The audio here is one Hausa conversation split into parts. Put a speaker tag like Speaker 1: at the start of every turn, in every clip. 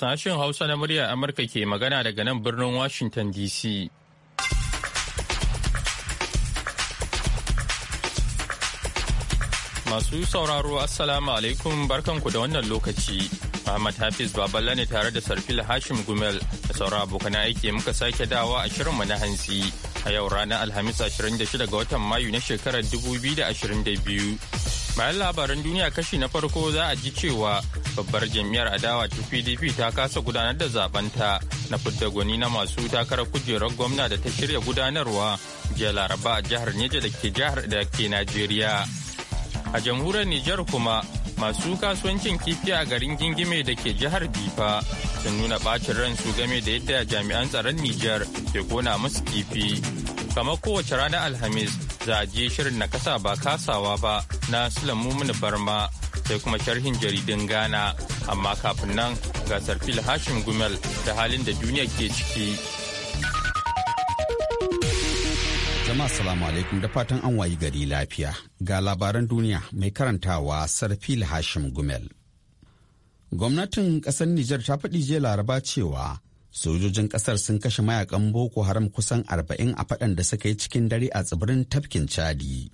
Speaker 1: Sashen Hausa na muryar Amurka ke magana daga nan birnin Washington DC. Masu sauraro Assalamu alaikum barkanku da wannan lokaci. Ahmad Hafiz Baballa ne tare da Sarfil Hashim Gumel da sauran abokan aiki muka sake dawa a shirin mu na hantsi. A yau ranar Alhamis 26 ga watan Mayu na shekarar 2022. Bayan labaran duniya kashi na farko za a ji cewa babbar jam'iyyar adawa ta pdp ta kasa gudanar da zabenta na fidda gwani na masu takarar kujerar gwamna da ta shirya gudanarwa jiya laraba a jihar neja da ke jihar da ke najeriya a jamhuriyar nijar kuma masu kasuwancin kifi a garin gingime da ke jihar bifa sun nuna bacin su game da yadda jami'an tsaron nijar ke kona musu kifi kamar kowace ranar alhamis za a je shirin na kasa ba kasawa ba na sulamu barma sai kuma sharhin jaridin gana Amma kafin nan gasar fil Hashim Gumel da halin da duniya ke ciki.
Speaker 2: Jama'a salamu alaikum da fatan an wayi gari lafiya. Ga labaran duniya mai karantawa Sarfil Hashim Gumel. Gwamnatin ƙasar Nijar ta faɗi jiya laraba cewa sojojin kasar sun kashe mayakan boko haram kusan arba'in a faɗan da suka yi cikin dare a tsibirin tafkin chadi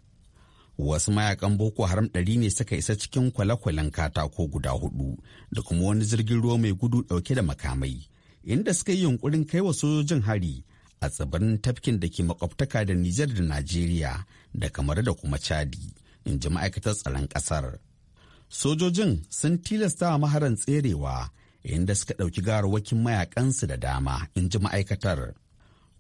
Speaker 2: wasu mayakan boko haram ɗari ne suka isa cikin kwale-kwalen katako guda hudu da kuma wani jirgin ruwa mai gudu ɗauke da makamai inda suka yi yunkurin kai wa sojojin hari a tsibirin tafkin da ke makwabtaka da nijar da najeriya da kamar da kuma chadi in ji ma'aikatar tsaron ƙasar sojojin sun tilasta wa maharan tserewa inda suka ɗauki garawakin mayakansu da dama in ji ma'aikatar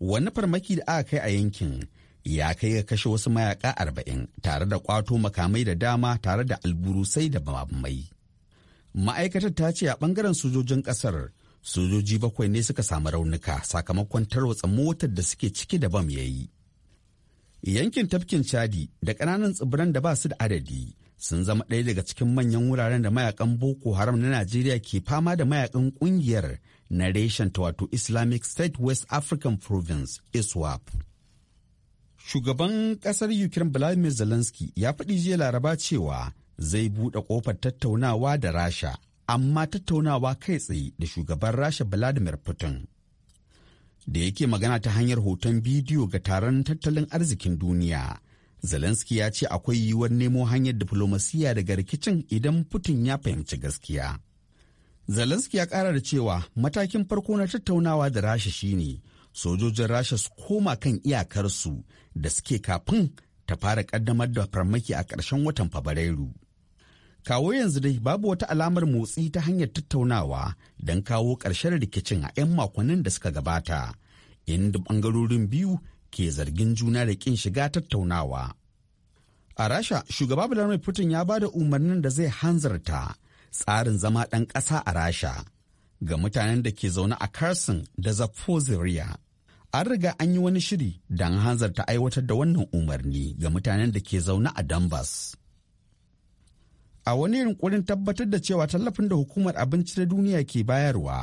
Speaker 2: wani farmaki da aka kai a yankin ya kai ga kashe wasu mayaka arba'in tare da kwato makamai da dama tare da alburu sai da mabamai. Ma'aikatar ta ce a bangaren sojojin kasar sojoji bakwai ne suka samu raunuka sakamakon tarwatsa motar da suke ciki da bam yayi. Yankin tafkin Chadi da ƙananan tsibiran da ba su da adadi sun zama ɗaya daga cikin manyan wuraren da mayakan Boko Haram na Najeriya ke fama da mayakan ƙungiyar na reshen wato Islamic State West African Province ISWAP. Shugaban ƙasar Ukraine Vladimir Zelensky ya faɗi jiya laraba cewa zai buɗe ƙofar tattaunawa da Rasha, amma tattaunawa kai tsaye da shugaban Rasha Vladimir Putin. Da yake magana ta hanyar hoton bidiyo ga taron tattalin arzikin duniya. Zelensky ya ce akwai yiwuwar nemo hanyar diflomasiya daga rikicin idan Putin ya fahimci gaskiya. Zelensky ya ƙara da cewa matakin farko na tattaunawa da Rasha shine sojojin rasha su koma kan iyakarsu da suke kafin ta fara kaddamar da farmaki a ƙarshen watan fabrairu kawo yanzu dai babu wata alamar motsi ta hanyar tattaunawa don kawo ƙarshen rikicin a 'yan makonnin da suka gabata inda ɓangarorin biyu ke zargin juna da ƙin shiga tattaunawa a rasha shugaba vladimir putin ya ba da umarnin da zai hanzarta tsarin zama ɗan ƙasa a rasha ga mutanen da ke zaune a Carson da Zaporizhia an riga an yi wani shiri don hanzarta aiwatar da wannan umarni ga mutanen da ke zaune a Donbass. A wani yunkurin tabbatar da cewa tallafin da hukumar abinci ta duniya ke bayarwa,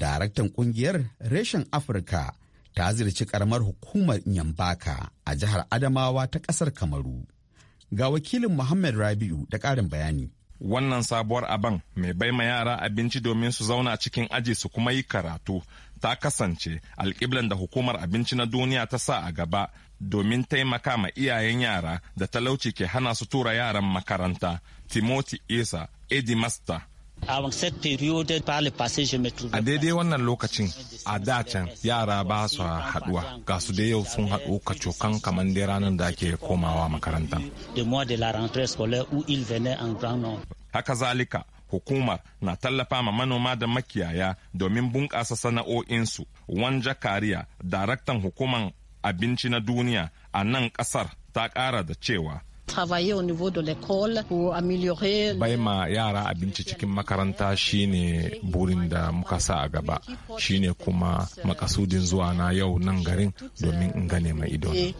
Speaker 2: daraktan kungiyar reshen Afirka ta zirci karamar hukumar Nyambaka a jihar Adamawa ta kasar Kamaru. Ga wakilin Muhammad Rabi'u da ƙarin bayani.
Speaker 3: wannan sabuwar aban mai baima yara abinci domin su zauna cikin aji su kuma yi karatu ta kasance alƙiblan da hukumar abinci na duniya ta sa a gaba domin taimaka ma iyayen yara da talauci ke hana su tura yaran makaranta timoti isa edimasta A daidai wannan lokacin a da can yara ba su haduwa ga su da yau sun haɗu kacokan kamar dai ranar da ake komawa makaranta. Haka zalika hukumar na tallafa ma manoma da makiyaya domin bunƙasa sana'o'insu wanja kariya daraktan hukumar abinci na duniya a nan ƙasar ta ƙara da cewa bai ma yara abinci cikin makaranta shine burin da muka sa a gaba shine kuma makasudin zuwa na yau nan garin domin in gane mai ido euh,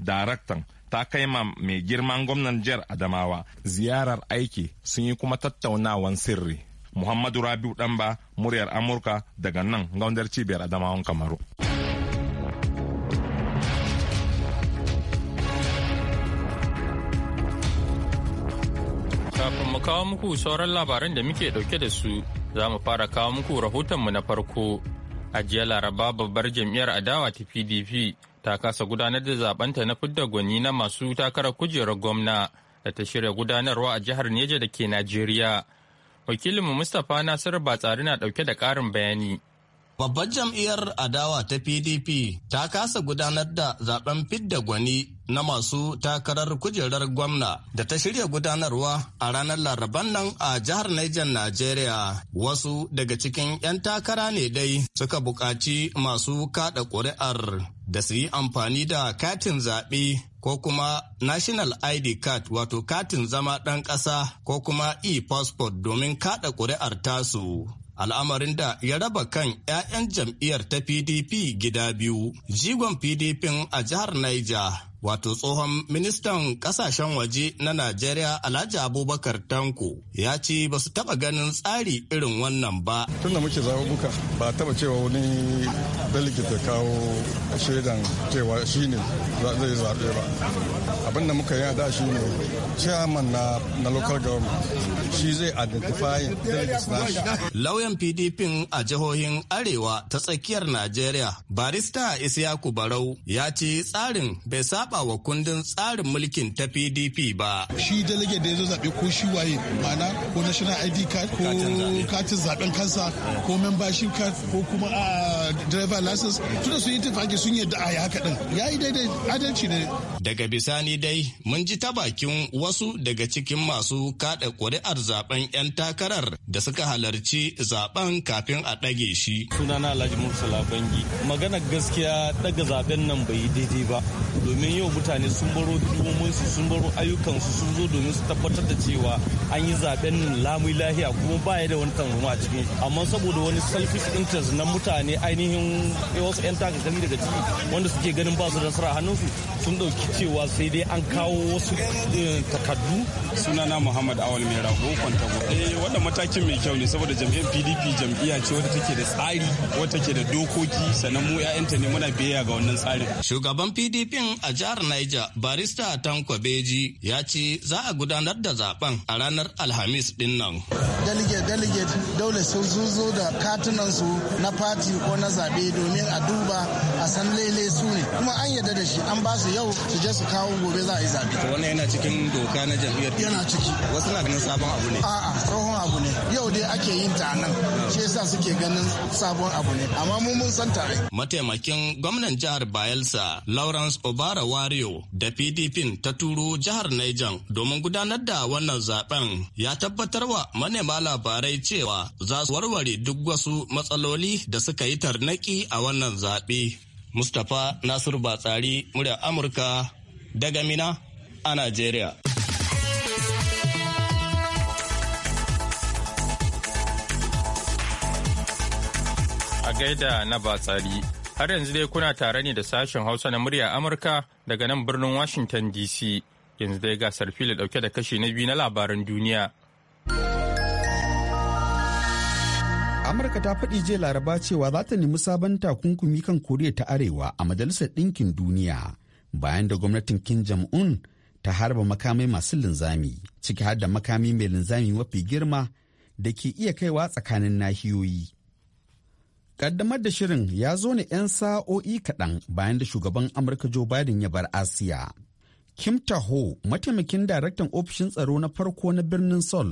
Speaker 3: daraktan ta kai ma mai girman gwamnan jihar Adamawa ziyarar aiki sun yi kuma tattaunawan sirri. Muhammadu Rabiu Ɗanba muryar Amurka daga nan gaundar cibiyar Adamawan Kamaru.
Speaker 1: Kafin mu kawo muku sauran labaran da muke ɗauke da su, za mu fara kawo muku rahotonmu na farko. A Laraba babbar jam'iyyar adawa ta PDP ta kasa gudanar da zabanta na fidda gwani na masu takarar kujerar gwamna da ta shirya gudanarwa a jihar Neja da ke Najeriya. Wakilinmu Mustapha Nasir Batsari na ɗauke da ƙarin bayani. Babbar jam'iyyar adawa ta PDP ta kasa gudanar
Speaker 4: da zaben fidda gwani na masu takarar kujerar gwamna da ta shirya gudanarwa a ranar laraban nan a jihar Niger Najeriya. Wasu daga cikin 'yan takara ne dai suka buƙaci masu kaɗa ƙuri'ar da su yi amfani da katin zaɓe ko kuma National ID card wato katin zama ɗan ƙasa ko kuma e-passport domin kaɗa ƙuri'ar tasu. al'amarin da ya raba kan 'ya'yan jam'iyyar ta pdp gida biyu jigon pdp a jihar niger wato tsohon ministan kasashen waje na Najeriya Alhaji Abubakar Tanko ya ce ba su taba ganin tsari irin wannan ba. Tun da muke zaɓuɓɓuka ba taba cewa wani delegate kawo shaidan cewa shi ne zai zaɓe ba. Abin da muka yi a da shi ne chairman na, na local government shi zai identify delegates na Lauyan PDP a jihohin Arewa ta tsakiyar Najeriya barista Isiyaku Barau ya ce tsarin bai saba saba wa kundin tsarin mulkin ta PDP ba. Shi delegate
Speaker 5: da ya zo zaɓe ko shi waye ma'ana ko national ID card ko katin zaɓen kansa ko membership card ko kuma a driver license tunda sun yi tafaki sun yadda a yi haka ɗin
Speaker 6: ya yi daidai adalci ne.
Speaker 4: Daga bisani dai mun ji ta bakin wasu daga cikin masu kaɗa ƙuri'ar zaɓen 'yan takarar da suka halarci zaɓen kafin
Speaker 3: a ɗage shi. Sunana Alhaji Musa Labangi magana gaskiya ɗaga zaɓen nan bai yi daidai ba domin yau mutane sun baro su sun baro ayyukansu sun zo domin su
Speaker 7: tabbatar da cewa an yi zaben lamun lahiya kuma ba ya da wani tanzuma a cikin amma saboda wani selfish interest na mutane ainihin wasu 'yan gani daga ciki wanda suke ganin ba
Speaker 3: su da nasara hannunsu sun dauki cewa sai dai an kawo wasu eh, takardu sunana muhammad awal mai rago kwantago eh wannan matakin mai kyau ne saboda jam'iyyar pdp jam'iyya ce wadda take da tsari wadda take da dokoki sannan mu 'ya'yanta ne muna biyayya ga wannan tsarin
Speaker 4: shugaban pdp a jihar Niger barista Tanko Beji ya ce za a gudanar da zaben a ranar Alhamis din nan.
Speaker 6: Delegate delegate dole su zuzo da katunan su na fati ko na zabe domin a duba a san lele su ne kuma an yarda da shi an ba su yau su je su kawo gobe za a yi zabe.
Speaker 4: Wannan yana cikin doka na jam'iyyar. Yana ciki. Wasu na ganin sabon abu ne. A'a
Speaker 6: tsohon abu ne. Yau dai ake yin ta nan. Shi yasa suke ganin sabon abu ne. Amma mun mun san tare.
Speaker 4: Mataimakin gwamnan jihar Bayelsa Lawrence Obarawa Wario da PDP ta turo jihar Niger domin gudanar da wannan zaben ya tabbatar wa manema labarai cewa za su warware duk wasu matsaloli da suka yi tarnaki a wannan zaɓe. Mustapha Nasiru Batsari, murya Amurka daga Mina a Najeriya.
Speaker 1: A gaida na Batsari Har yanzu dai kuna tare ne da sashen Hausa na murya Amurka daga nan birnin Washington DC. Yanzu dai ga sarfili dauke da kashi na biyu na labaran duniya. Amurka
Speaker 2: ta faɗi jiya laraba cewa za ta nemi sabon takunkumi kan Koriya ta Arewa a Majalisar Ɗinkin Duniya bayan da gwamnatin Kim Jong-un ta harba makamai masu linzami ciki har da makami mai linzami mafi girma da ke iya kaiwa tsakanin nahiyoyi Kaddamar da shirin ya zo ne 'yan sa'o'i kaɗan bayan da shugaban Amurka Joe Biden ya bar Asiya. Kim Taho, mataimakin daraktan ofishin tsaro na farko na birnin Sol,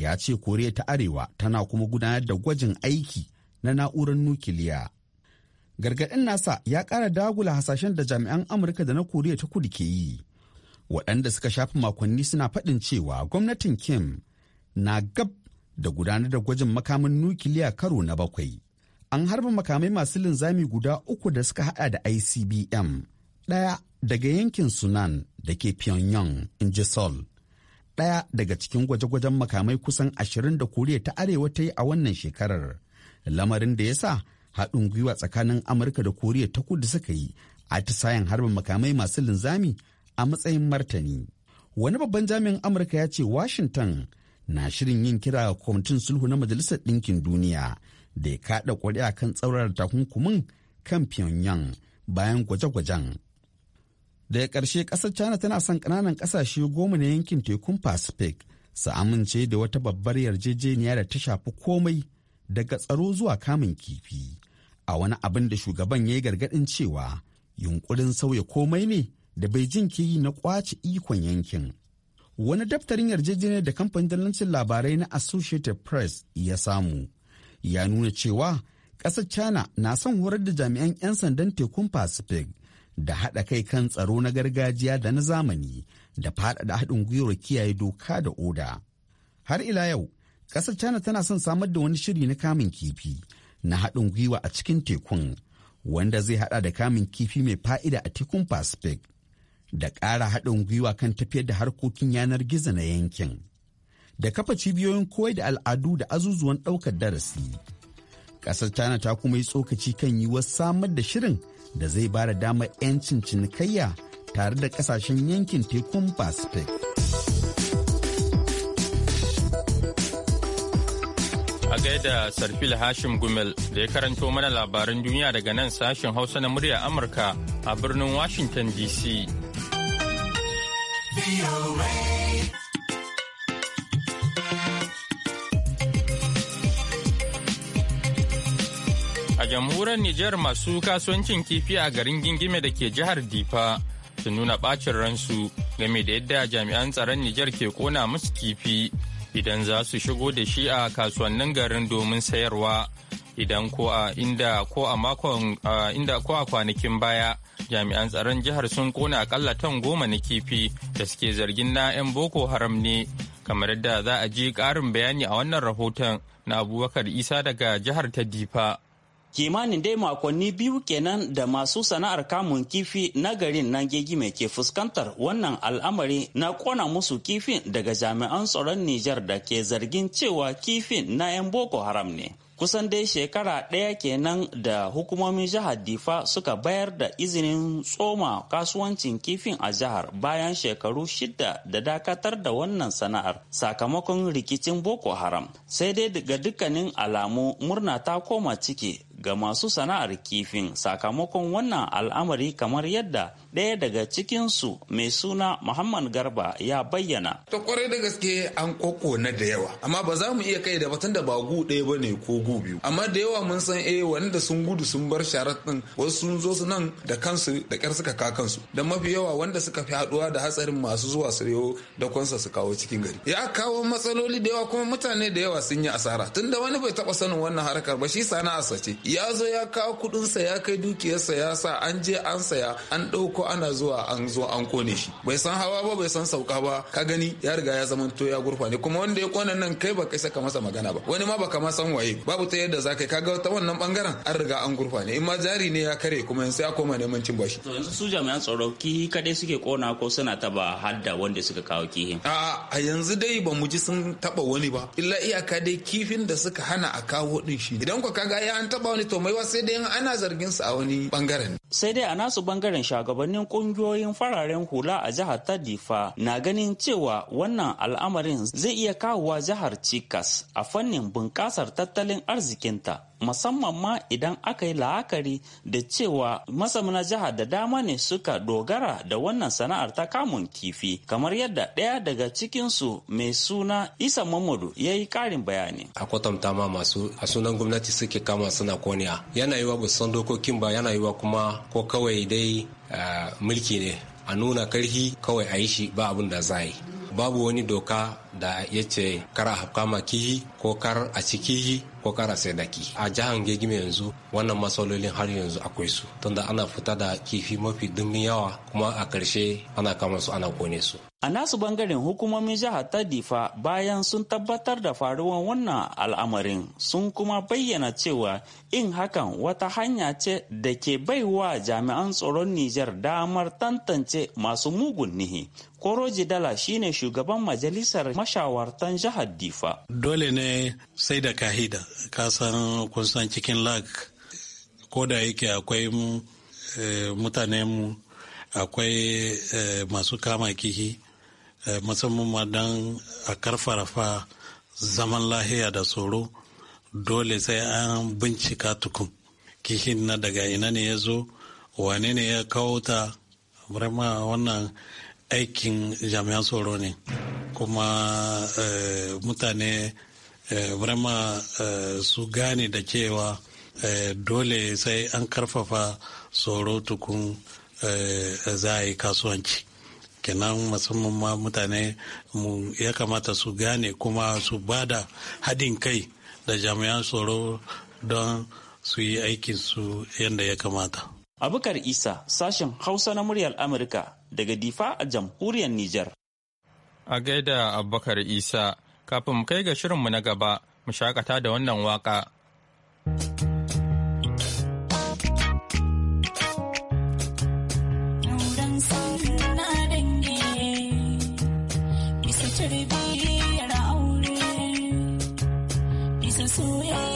Speaker 2: ya ce Koriya ta Arewa tana kuma gudanar da gwajin aiki na na'urar nukiliya. Gargaɗin nasa ya ƙara dagula hasashen da jami'an Amurka da na Koriya ta Kudu ke yi. Waɗanda suka shafi makonni suna faɗin cewa gwamnatin Kim na gab da gudanar da gwajin makamin nukiliya karo na bakwai. an harba makamai masu linzami guda uku da suka hada da ICBM, ɗaya daga yankin Sunan da ke Pyongyang, in ji sol Ɗaya daga cikin gwaje-gwajen makamai kusan ashirin da Koriya ta Arewa ta yi a wannan shekarar. Lamarin da ya sa haɗin gwiwa tsakanin Amurka da Koriya ta kudu suka yi atisayen harbin makamai masu linzami a matsayin martani. Wani babban jami'in Amurka ya ce Washington na shirin yin kira ga kwamitin sulhu na Majalisar Ɗinkin Duniya da ya kada kuri'a kan tsaurar takunkumin kan pyongyang bayan gwaje-gwajen daga ƙarshe ƙasar china tana son ƙananan ƙasashe goma na yankin tekun pacific su amince da wata babbar yarjejeniya da ta shafi komai daga tsaro zuwa kamun kifi a wani abin da shugaban ya yi gargaɗin cewa yunkurin sauya komai ne da beijing ke yi na kwace ikon yankin wani daftarin yarjejeniya da kamfanin dalancin labarai na associated press ya samu ya nuna cewa ƙasar china na son horar da jami'an 'yan sandan tekun pacific da haɗa kai kan tsaro na gargajiya da na zamani da faɗaɗa haɗin gwiwar kiyaye doka da oda har ila yau ƙasar china tana son samar da wani shiri na kamun kifi na haɗin gwiwa a cikin tekun wanda zai haɗa da kamun kifi mai fa'ida a tekun pacific da ƙara haɗin gwiwa kan tafiyar da harkokin yanar gizo na yankin da kafa cibiyoyin koyar da al'adu da azuzuwan ɗaukar darasi. Ƙasar China ta kuma yi tsokaci kan yiwuwar samar da shirin da zai ba da damar 'yancin cinikayya tare da ƙasashen yankin tekun Pacific.
Speaker 1: A gaida Sarfil Hashim Gumel da ya karanto mana labaran duniya daga nan sashen Hausa na murya Amurka a birnin Washington DC. jamhuriyar Nijar masu kasuwancin kifi a garin Gingime da ke jihar Difa su nuna bacin ransu game da yadda jami'an tsaron Nijar ke kona musu kifi idan za su shigo da shi a kasuwannin garin domin sayarwa idan ko a inda ko a makon inda ko a kwanakin baya jami'an tsaron jihar sun kona akalla tan goma na kifi da suke zargin na 'yan boko haram ne kamar yadda za a ji karin bayani a wannan rahoton na abubakar isa daga jihar ta difa
Speaker 8: kimanin dai makonni biyu kenan da masu sana'ar kamun kifi na garin nan gegi ke fuskantar wannan al'amari na kona musu kifin daga jami'an tsaron Nijar da ke zargin cewa kifin na 'yan Boko Haram ne. kusan dai shekara ɗaya kenan da hukumomin jihar difa suka bayar da izinin tsoma kasuwancin kifin a jihar bayan shekaru shida da dakatar da wannan sana'ar sakamakon rikicin boko haram sai dai daga dukkanin alamu murna ta koma ciki ga masu sana'ar kifin sakamakon wannan al'amari kamar yadda ɗaya daga cikinsu mai suna Muhammad Garba ya bayyana. Ta
Speaker 5: kwarai da gaske an na da yawa, amma ba za mu iya kai da batun da ba gu ɗaya ba ne ko gu biyu. Amma da yawa mun san eh wanda sun gudu sun bar sharar ɗin wasu sun zo su nan da kansu da ƙyar suka ka kansu. Da mafi yawa wanda suka fi haɗuwa da hatsarin masu zuwa su yo da kwansa su kawo cikin gari. Ya kawo matsaloli da yawa kuma mutane da yawa sun yi asara. Tunda wani bai taɓa sanin wannan harkar ba shi sana'a sace. Ya zo ya kawo kuɗinsa ya kai dukiyarsa ya sa an je an saya an ɗauko ana zuwa an zo an kone shi bai san hawa ba bai san sauka ba ka gani ya riga ya zama to ya gurfa ne kuma wanda ya kona nan kai ba kai saka masa magana ba wani ma ba ma san waye babu ta yadda zaka ka ta wannan bangaren an riga an gurfa ne in ma jari ne ya kare kuma yanzu ya koma neman cin bashi
Speaker 8: to yanzu su jami'an tsaro ki kadai suke kona ko suna taba hadda wanda suka kawo kihin a a yanzu
Speaker 5: dai ba mu ji sun taba wani ba illa iyaka dai kifin da suka hana a kawo din shi idan ko kaga ya an taba wani to mai sai
Speaker 8: dai ana zargin su a wani bangaren sai dai a nasu bangaren shugabanni tsakanin kungiyoyin fararen hula a jihar ta difa na ganin cewa wannan al'amarin zai iya kawowa jihar cikas a fannin bunƙasar tattalin arzikinta musamman ma idan aka yi la'akari da cewa masamuna jiha da dama ne suka dogara da wannan sana'ar ta kamun kifi kamar yadda ɗaya daga cikinsu mai suna isa mamadu ya yi ƙarin bayani a kwatanta ma masu a sunan gwamnati suke kama suna koniya yana yiwa ba san dokokin ba yana yiwa kuma ko kawai dai mulki ne a nuna karhi kawai a yi shi ba abin da za yi babu wani doka da ya ce kar a kama kihi ko kar a ci kihi ko kar a sai da kihi a jihar gegime yanzu wannan matsalolin har yanzu akwai su tunda ana fita da kifi mafi dimbin yawa kuma a karshe ana kama su ana kone su a nasu bangaren hukumomin jihar ta difa bayan sun tabbatar da faruwar wannan al'amarin sun kuma bayyana cewa in hakan wata hanya ce da ke baiwa jami'an tsaron nijar damar tantance masu mugun nihi koroji dala shine shugaban majalisar mashawartan jihar Difa. Dole ne sai da kahida, kasan kun san cikin lag ko da yake akwai eh, mutane mu akwai eh, masu kama kihi eh, musamman don a karfarafa zaman lahiya da tsoro dole sai an bincika tukun kihin na daga ina ne ya zo wane ne ya kawo ta wannan aikin jami'an tsoro ne kuma eh, mutane eh, vraiment eh, su gane da cewa dole sai an karfafa tsoro tukun za a yi kasuwanci kenan musamman ma mutane ya kamata su gane kuma su bada haɗin kai da jami'an tsoro don su yi su yadda ya kamata. Abukar Isa sashen Hausa na muryar Amurka daga Difa a jamhuriyar Nijar.
Speaker 1: A gaida Abubakar Isa, kafin mu kai ga shirin mu na gaba, mu shakata da wannan waka.
Speaker 8: Bisa soyayya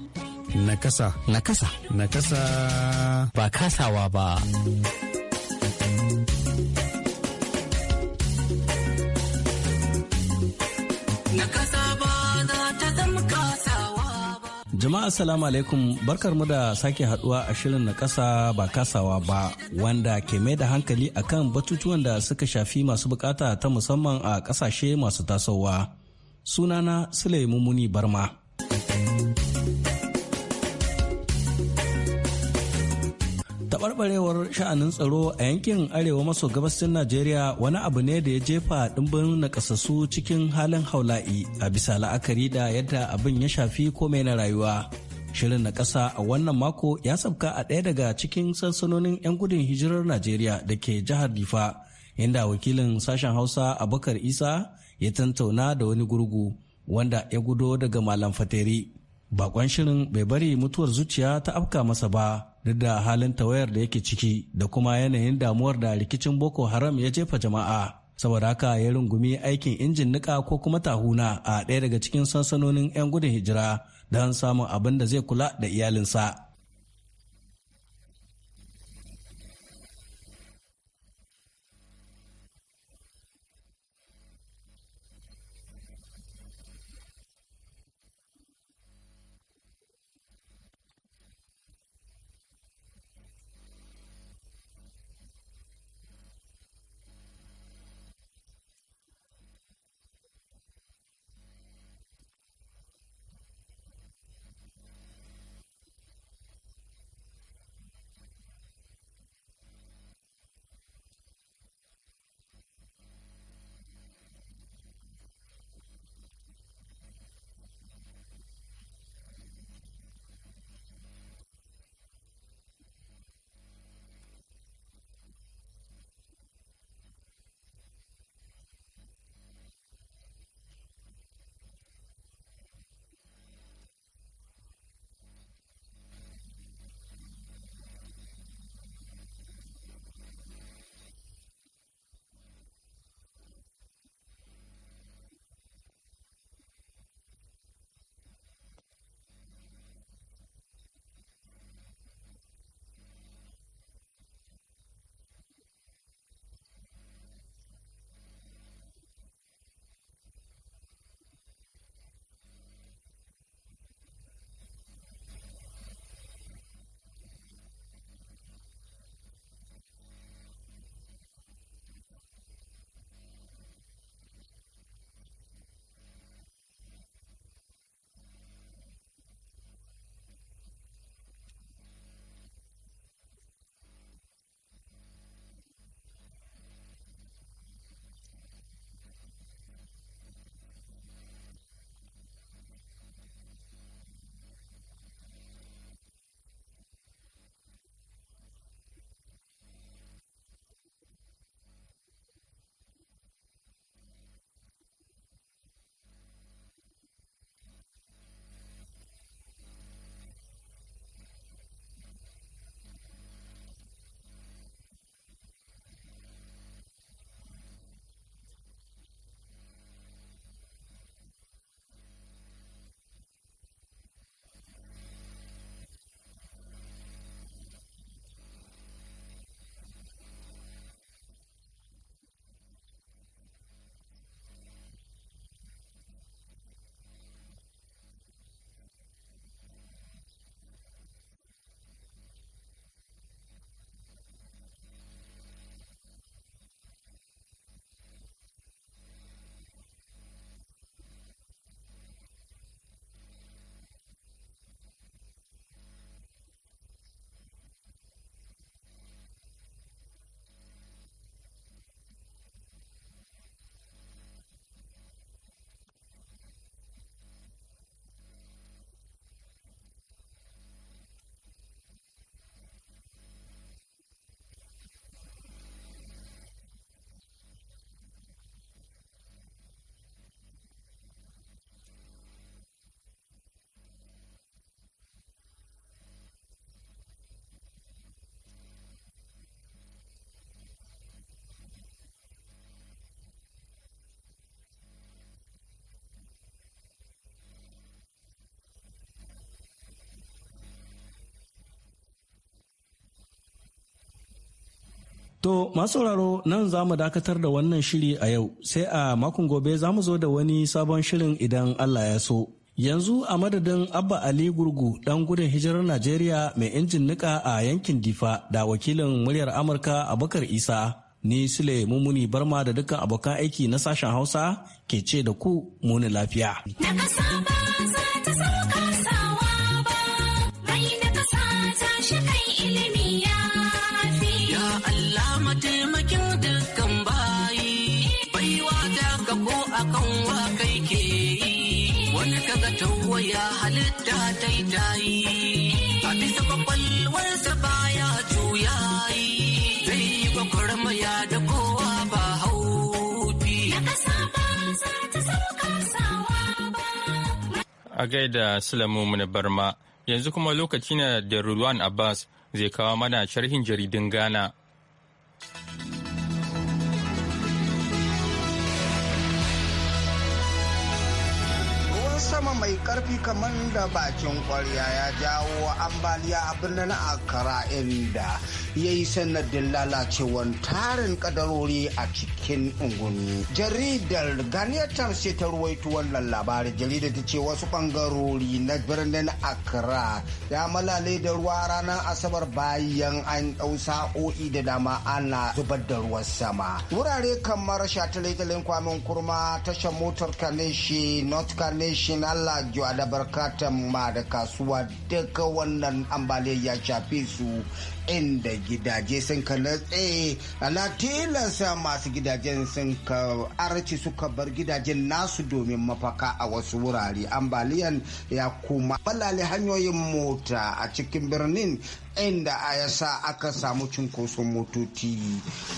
Speaker 4: Nakasa. Nakasa. Nakasa.
Speaker 8: Ba kasawa ba.
Speaker 7: Jama'a salamu alaikum barkar mu da sake haduwa a shirin na kasa ba kasawa ba wanda ke mai da hankali akan batutuwan da suka shafi masu bukata ta musamman a kasashe masu tasowa. Sunana Sule Mumuni Barma. taɓarɓarewar sha'anin tsaro a yankin arewa maso gabasin najeriya wani abu ne da ya jefa ɗimbin nakasassu cikin halin haula'i a bisa la'akari da yadda abin ya shafi komai na rayuwa shirin na ƙasa a wannan mako ya sabka a ɗaya daga cikin sansanonin 'yan gudun hijirar najeriya da ke jihar difa inda wakilin sashen hausa abubakar isa ya tantauna da wani gurgu wanda ya gudo daga malam fateri bakon shirin bai bari mutuwar zuciya ta afka masa ba duk da halin tawayar da yake ciki da kuma yanayin damuwar da rikicin boko haram ya jefa jama'a saboda haka ya rungumi aikin injin nika ko kuma tahuna a ɗaya daga cikin sansanonin 'yan gudun hijira don samun abin da zai kula da iyalinsa To masu masauraro nan za mu dakatar da wannan shiri a yau sai a makon gobe za mu zo da wani sabon shirin idan Allah ya so. Yanzu a madadin Abba Ali Gurgu ɗan gudun hijirar Najeriya mai injin nika a yankin Difa da wakilin muryar Amurka Abubakar Isa ni Sule Mumuni Barma da dukkan abokan aiki na sashen Hausa ke ce da ku muni lafiya.
Speaker 4: Daga sama za ta sauka
Speaker 6: rinjayi a bisa kwakwalwarsa baya
Speaker 4: juyayi zai yi gwagwarmaya da kowa ba haufi
Speaker 1: a gaida silamu na barma yanzu kuma lokaci ne da Rulwan Abbas zai kawo mana sharhin jaridin Ghana.
Speaker 6: karfi kamar da bakin kwarya ya jawo ambaliya a birnin akara inda ya yi sanadin lalacewar tarin kadarori a cikin unguni. Jaridar Ghanaian Times ta ruwaito wannan labarin jaridar ta ce wasu bangarori na birnin Accra ya malale da ruwa ranar Asabar bayan an dau sa'o'i da dama ana zubar da ruwan sama. Wurare kamar shataletalen kwamin kurma tashar motar Kaneshi, North Kaneshi, Allah radio da barkatan ma da kasuwa daga wannan ambaliyar ya shafe su inda gidaje sun ka natse na tilasa masu gidajen sun ka arci suka bar gidajen nasu domin mafaka a wasu wurare ambaliyan ya kuma balale hanyoyin mota a cikin birnin inda a ya sa aka samu cunkoson motoci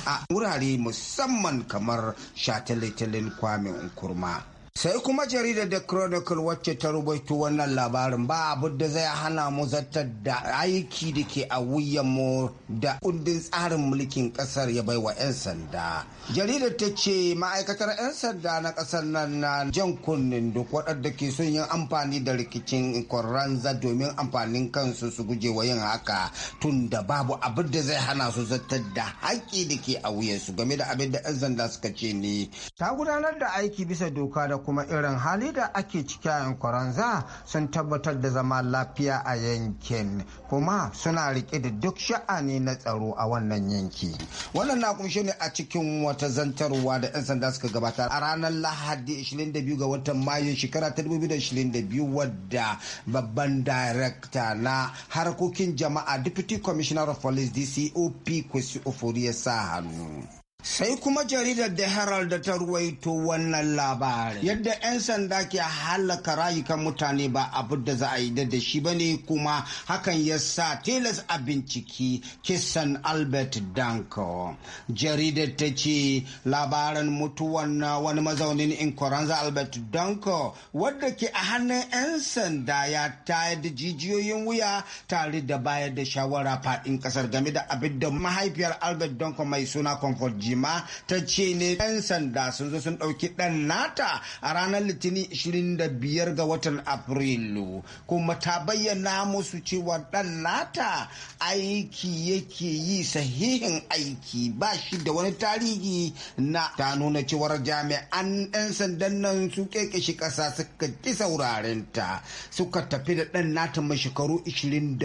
Speaker 6: a wurare musamman kamar shatalitalin kwamin kurma. sai kuma jaridar da chronicle wacce ta rubaito wannan labarin ba abu da zai hana mu zartar da aiki da ke a wuyanmu da kundin tsarin mulkin kasar ya baiwa 'yan sanda jaridar ta ce ma'aikatar 'yan sanda na kasar nan na jan kunnen duk waɗanda ke son yin amfani da rikicin koranza domin amfanin kansu su guje wa yin haka tun da babu abu da zai hana su zartar da haƙƙi da ke a wuyansu game da abin da 'yan sanda suka ce ne ta gudanar da aiki bisa doka da kuma irin hali da ake ciki a za sun tabbatar da zama lafiya a yankin kuma suna rike da duk sha'ani na tsaro a wannan yanki. Wannan na kunshe ne a cikin wata zantarwa da 'yan sanda suka gabatar a ranar Lahadi 22 ga watan Mayu shekara ta 2022 wadda babban darekta na harkokin jama'a Deputy Commissioner of Police DCOP Kwesi Ofori ya sa hannu. Sai kuma jaridar da Herald da ta ruwaito wannan labarin. Yadda 'yan sanda ke halaka rayukan mutane ba abu da za a yi da shi ba ne kuma hakan ya sa tilas a binciki kisan Albert Danko. Jaridar ta ce labarin mutuwan wani mazaunin Inkoranza Albert Danko wadda ke a hannun 'yan sanda ya tayar da jijiyoyin wuya tare da bayar da shawara faɗin ƙasar game da abin da mahaifiyar Albert Danko mai suna Comfort shi ta ce ne 'yan sanda sun zo sun ɗauki ɗan nata a ranar litinin 25 ga watan afrilu kuma ta bayyana musu cewa ɗan nata aiki yake yi sahihin aiki ba shi da wani tarihi na ta nuna cewar jami'an 'yan sandan nan su kekeshi ƙasa suka ƙi ta suka tafi da ɗan nata mai shekaru 27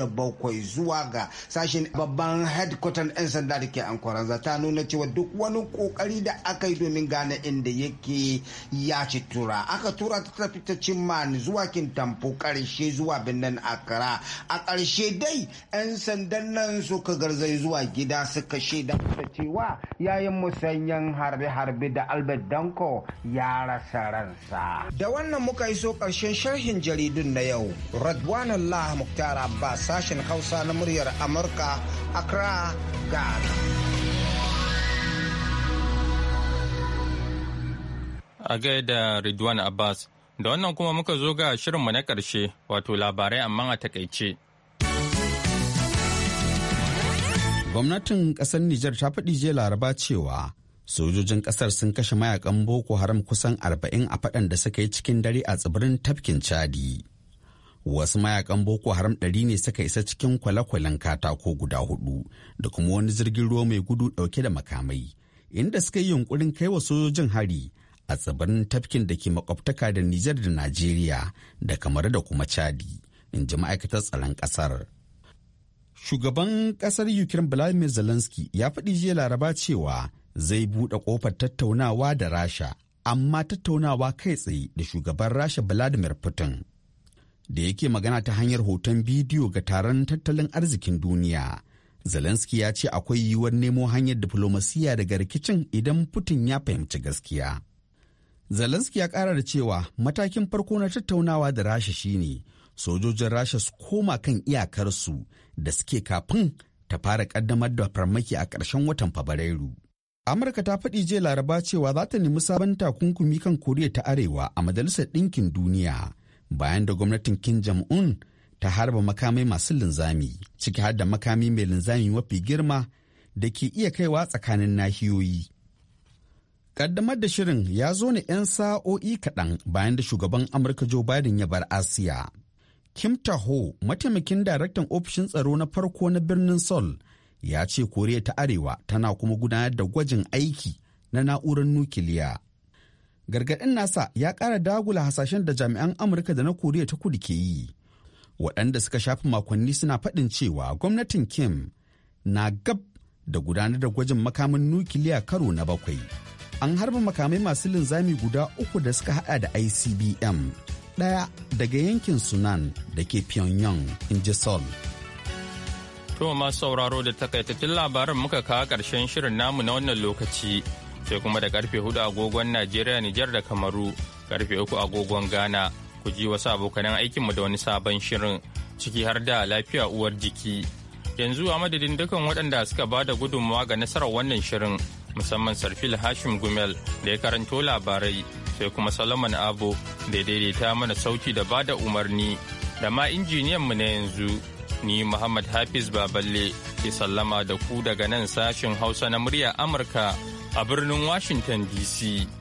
Speaker 6: zuwa ga sashen babban headquarter 'yan sanda da ke ankwaranza ta nuna cewa duk wani kokari da aka yi domin gane inda yake ya ci tura aka tura ta tafi ta ni zuwa kintampo karshe zuwa birnin akara a karshe dai 'yan sandan nan suka garzai zuwa gida suka shaida da cewa yayin musanyen harbe-harbe da albert danko ya rasa ransa da wannan muka yi so karshen sharhin jaridun na yau radwan allah muktar abbas sashen hausa na muryar amurka accra
Speaker 3: ghana
Speaker 1: a gaida Ridwan Abbas. Da wannan kuma muka zo ga shirinmu na karshe wato labarai amma a takaice.
Speaker 2: Gwamnatin ƙasar Nijar ta faɗi jiya laraba cewa sojojin ƙasar sun kashe mayakan Boko Haram kusan 40 a faɗan da suka yi cikin dare a tsibirin tafkin Chadi. Wasu mayakan Boko Haram ɗari ne suka isa cikin kwale-kwalen katako guda hudu da kuma wani jirgin ruwa mai gudu ɗauke da makamai, inda suka yi yunkurin kai wa sojojin hari a tsibirin tafkin da ke makwabtaka da Nijar da Najeriya da kamar da kuma Chadi, in ji ma'aikatar tsaron ƙasar. Shugaban ƙasar Ukraine Vladimir Zelensky ya faɗi jiya laraba cewa zai buɗe ƙofar tattaunawa da Rasha, amma tattaunawa kai tsaye da shugaban Rasha Vladimir Putin. Da yake magana ta hanyar hoton bidiyo ga taron tattalin arzikin duniya. Zelensky ya ce akwai yiwuwar nemo hanyar diflomasiya daga rikicin idan Putin ya fahimci gaskiya. Zelensky ya ƙara da cewa matakin farko na tattaunawa da Rasha shine sojojin Rasha su koma kan iyakarsu da suke kafin ta fara ƙaddamar da farmaki a ƙarshen watan Fabrairu. Amurka ta faɗi jiya Laraba cewa za ta nemi sabon takunkumi kan Koriya ta Arewa a Majalisar Ɗinkin Duniya bayan da gwamnatin Kim Jong-un ta harba makamai masu linzami ciki har da makami mai linzami mafi girma da ke iya kaiwa tsakanin nahiyoyi Kaddamar da shirin ya zo ne 'yan sa'o'i kaɗan bayan da shugaban Amurka Joe Biden ya bar Asiya. Kim Taho, mataimakin daraktan ofishin tsaro na farko na birnin Sol, ya ce Koriya ta Arewa tana kuma gudanar da gwajin aiki na na'urar nukiliya. Gargaɗin nasa ya ƙara dagula hasashen da jami'an Amurka da na Koriya ta kudu ke yi. Waɗanda suka shafi makonni suna faɗin cewa gwamnatin Kim na gab da gudanar da gwajin makamin nukiliya karo na bakwai. an harba makamai masu linzami guda uku da suka hada da icbm daya daga yankin sunan da ke pyongyang in ji seoul
Speaker 1: to masu sauraro da takaitattun labaran muka kawo karshen shirin namu na wannan lokaci sai kuma da karfe hudu agogon najeriya nijar da kamaru karfe uku agogon ghana ku ji wasu abokanan aikinmu da wani sabon shirin ciki har da lafiya uwar jiki yanzu a madadin dukan waɗanda suka ba da gudunmawa ga nasarar wannan shirin musamman sarfil hashim gumel da ya karanto labarai sai kuma salaman abo da daidaita mana sauki da bada umarni da ma injiniyan mu na yanzu ni muhammad hafiz baballe ke sallama da ku daga nan sashin hausa na murya amurka a birnin washington dc